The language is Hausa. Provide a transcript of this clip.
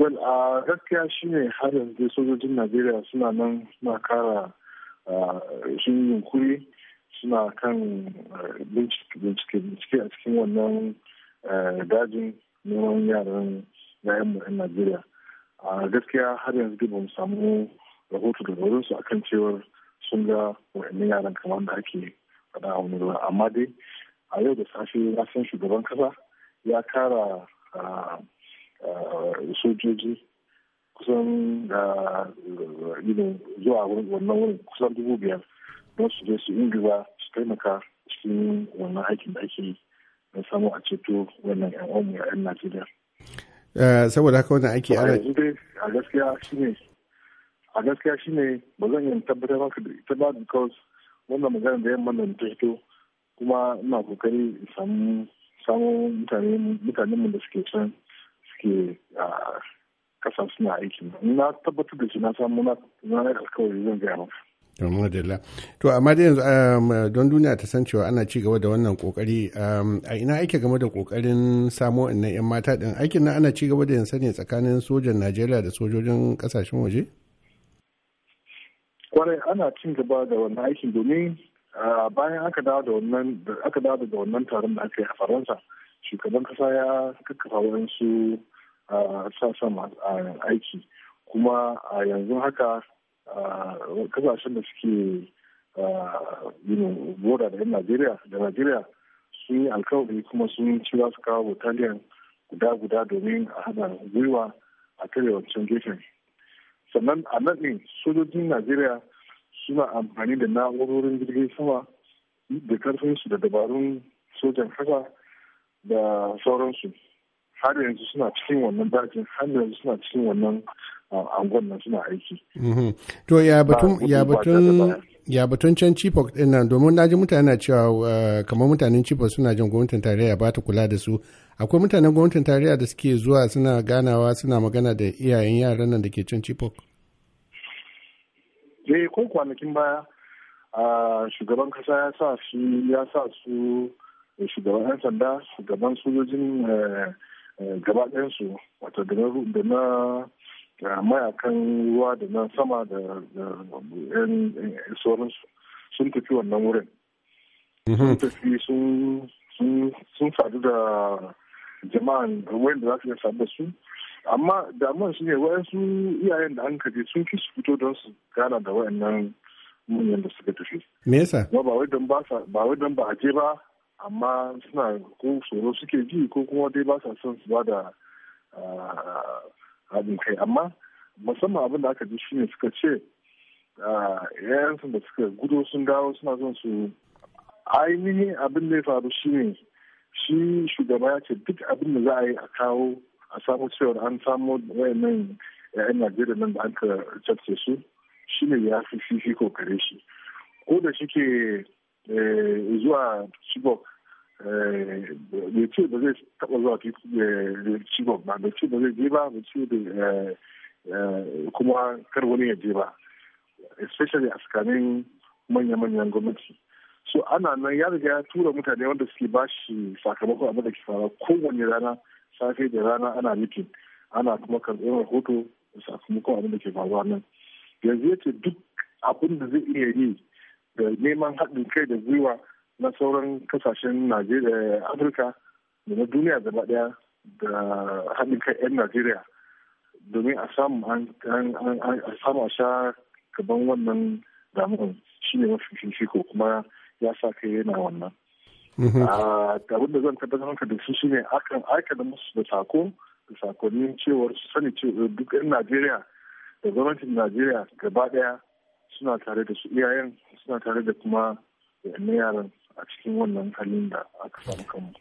Well, a gaskiya shi ne har yanzu sojojin Najeriya suna nan suna kara shi yunkuri suna kan bincike bincike a cikin wannan dajin neman yaran yayan a Najeriya. A gaskiya har yanzu ba mu samu rahoto daga su akan cewar sun ga wa'annan yaran kamar da ake faɗa a wani ruwa. Amma dai a yau da safe na san shugaban kasa ya kara sojoji kusan da ah, zuwa wannan wurin kusan dubu biyar don su je su ingiza su taimaka cikin wannan aikin da ake na don samu a ceto wannan yan omu ya yan najeriya eh, saboda haka wannan aiki a gaskiya shine a gaskiya shine ba zan yi tabbatar maka da ita ba because wannan magana da yamma da ta hito kuma ina kokari samu samu mutane da suke can suke a kasa suna aiki na tabbatar da shi na samu na alkawari zan gaya musu Alhamdulillah. To amma da yanzu um, don duniya ta san cewa ana cigaba da wannan kokari um, a ina ake game da kokarin samo innan 'yan mata din aikin nan ana cigaba gaba da yansa ne tsakanin sojan Najeriya da sojojin kasashen waje? Kwarai ana cin gaba da wannan aikin domin bayan aka dawo da wannan aka dawo da wannan taron da aka yi a Faransa shugaban kasa ya kakkafa waɗansu sassan aiki kuma a yanzu haka kasashen da suke boda da yan najeriya da najeriya sun yi alkawari kuma sun ci za su kawo battalion guda-guda domin a hada gwiwa a kare wancan gefen sannan a nan ne sojojin najeriya suna amfani da na'urorin jirgin sama da karfinsu da dabarun sojan kasa da sauransu har yanzu suna cikin wannan dajin har yanzu suna cikin wannan angon nan suna aiki. Mm-hmm. To ya batun can Chipok din nan domin ji mutane na cewa uh, kamar mutanen Chipok suna jin gwamnatin tarayya ba ta kula da su akwai mutanen gwamnatin tarayya da suke zuwa suna ganawa suna magana da iyayen yaran nan da ke can Chipok. Eh ko kwanakin baya shugaban kasa ya sa su ya sa su shugaban 'yan sanda shugaban sojojin eh, Eh, gaba ɗayansu wato da na eh, mayakan ruwa da na sama da yan sauransu sun tafi wannan wurin mhm. sun tafi sun sadu da jama'an da za su iya sadu da su amma damar su ne su iyayen da hankali sun fi su fito don su gana da waɗannan manyan da suka tafi. Me yasa? Ba wai don ba a je ba amma suna ko tsoro suke ji ko kuma dai ba sa son su ba da haɗin kai amma musamman abin da aka ji shine suka ce yayansu da suka gudo sun dawo suna son su ainihin abin da ya faru shine shi shugaba ya ce duk abin da za a yi a kawo a samu cewar an samu wayannan yayan najeriya nan da an ka su shine ya fi fifi kokare shi ko da shike Eh, zuwa chibok eh, bai ce ba zai taɓa zuwa eh, chibok ba bai ce ba zai je ba bai ce kuma kar wani ya je ba especially a tsakanin manya-manyan gwamnati so ana nan ya riga ya tura mutane wanda suke ba shi sakamakon abin da ke fara kowane rana safe da rana ana mitin ana kuma karɓar rahoto sakamakon abin da ke faruwa nan yanzu ya ce duk abin da zai iya yi da neman haɗin kai da gwiwa na sauran kasashen afirka da na duniya gaba ɗaya da haɗin kai 'yan najeriya domin a samu a samu a sha gaban wannan damuwan shi ne mafi ko kuma ya sa kai yana wannan mhm. abin da zan tabbatar maka da su shine akan aika da musu da sako da sakonnin cewar su sani cewa duk 'yan najeriya da gwamnatin najeriya gaba daya suna tare da su iyayen suna tare da kuma na yaran a cikin wannan halin da aka samu kanmu.